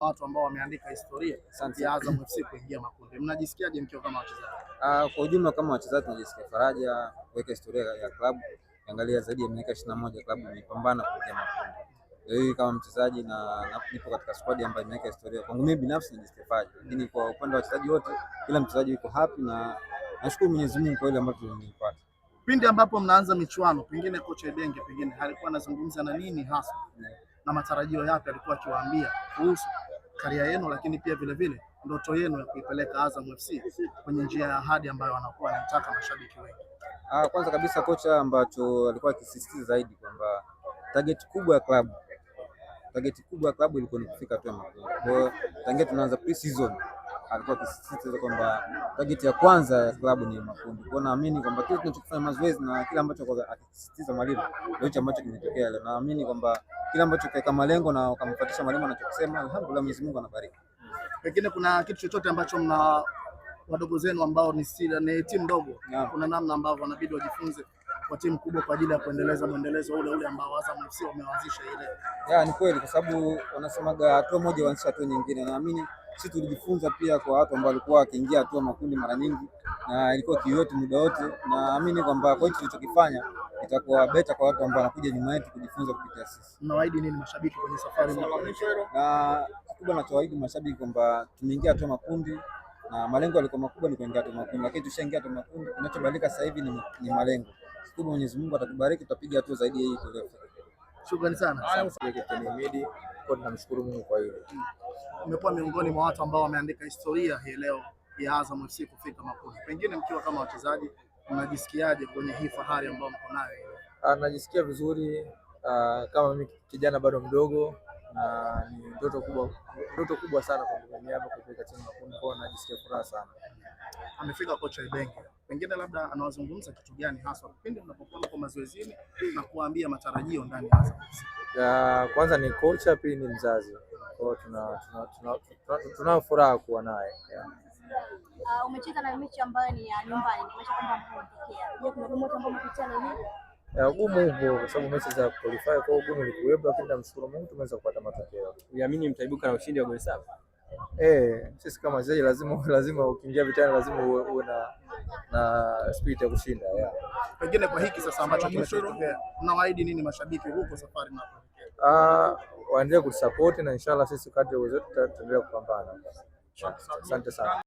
watu ambao wameandika historia Santi Azam FC kuingia makundi. Mnajisikiaje mkiwa kama wachezaji? Uh, kwa ujumla kama wachezaji tunajisikia faraja kuweka historia ya klabu. Angalia zaidi ya miaka 21 klabu imepambana kuingia makundi. Leo hii kama mchezaji na, na nipo katika squad ambayo imeweka historia. Kwangu mimi binafsi najisikia faraja. Lakini kwa upande wa wachezaji wote kila mchezaji yuko happy na nashukuru Mwenyezi Mungu kwa ile ambayo tulipata. Pindi ambapo mnaanza michuano, pengine kocha Edenge pengine alikuwa anazungumza na nini hasa? Yeah na matarajio yapi alikuwa akiwaambia kuhusu karia yenu, lakini pia vilevile ndoto yenu ya kuipeleka Azam FC kwenye njia ya ahadi ambayo wanakuwa wanataka mashabiki wengi? Ah, kwanza kabisa kocha ambacho alikuwa akisisitiza zaidi kwamba target kubwa ya klabu target kubwa ya klabu ilikuwa ni kufika hatua ya makundi. Kwa hiyo tangia tunaanza pre-season alikuwa akisisitiza kwamba target ya kwanza ya klabu ni makundi. Kwa hiyo naamini kwamba kile tunachofanya mazoezi na kile ambacho akisisitiza mwalimu ndio hicho ambacho kimetokea leo. Naamini kwamba kile ambacho kaweka malengo na ukamfuatisha mwalimu anachokisema, alhamdulillah, Mwenyezi Mungu anabariki. Pengine kuna kitu chochote ambacho mna wadogo zenu ambao ni sila, ni timu ndogo yeah. Kuna namna ambavyo wanabidi wajifunze kwa timu kubwa kwa ajili ya kuendeleza mwendelezo ule ule ambao Azam FC wameanzisha ile. Yeah, ni kweli kwa sababu wanasemaga hatua moja huanzisha hatua nyingine. Naamini sisi tulijifunza pia kwa watu ambao walikuwa wakiingia hatua makundi mara nyingi na ilikuwa kiyote muda wote, naamini kwamba kwa hicho tulichokifanya itakuwa beta kwa watu ambao wanakuja nyuma yetu kujifunza kupitia sisi. Mnawaahidi nini mashabiki kwenye safari? Na kikubwa nachowaahidi mashabiki kwamba tumeingia hatua makundi na malengo yalikuwa makubwa ni kuingia hatua makundi, lakini tushaingia hatua makundi. Kinachobadilika sasa hivi ni, ni malengo. Kikubwa Mwenyezi Mungu atatubariki, tutapiga hatua zaidi ya hii tulio. Shukrani sana. Tunamshukuru Mungu kwa hilo. Umekuwa mm. miongoni mwa watu ambao wameandika historia hii leo ya Azam FC kufika makundi, pengine mkiwa kama wachezaji unajisikiaje kwenye hii fahari ambayo mko nayo? Ah, najisikia vizuri uh, kama mimi kijana bado mdogo na ni ndoto kubwa, ndoto kubwa sana kwa mimi hapa kupeleka timu ya kundi kwa, najisikia furaha sana. Amefika kocha Ibenge, pengine labda anawazungumza kitu gani hasa kipindi mnapokuwa kwa mazoezini na kuambia matarajio ndani hasa? ya ah, kwanza ni kocha, pili ni mzazi, kwa hiyo tuna tuna, tuna, tuna, tuna, tuna furaha kuwa naye yeah. Uh, umecheza na mechi ambayo ni ya nyumbani, ugumu huo kwa sababu mechi za qualify kwa ugumu ni kuwepo, lakini namshukuru Mungu tumeweza kupata matokeo. Unaamini mtaibuka na ushindi wa goli saba? Eh, sisi kama wachezaji lazima lazima ukiingia vitani lazima uwe na na spirit ya kushinda. Pengine kwa hiki sasa ambacho kimetokea, unawaahidi nini mashabiki huko safari na Ah, waendelee kutusupport na inshallah sisi kadri ya uwezo tutaendelea kupambana. Asante sana.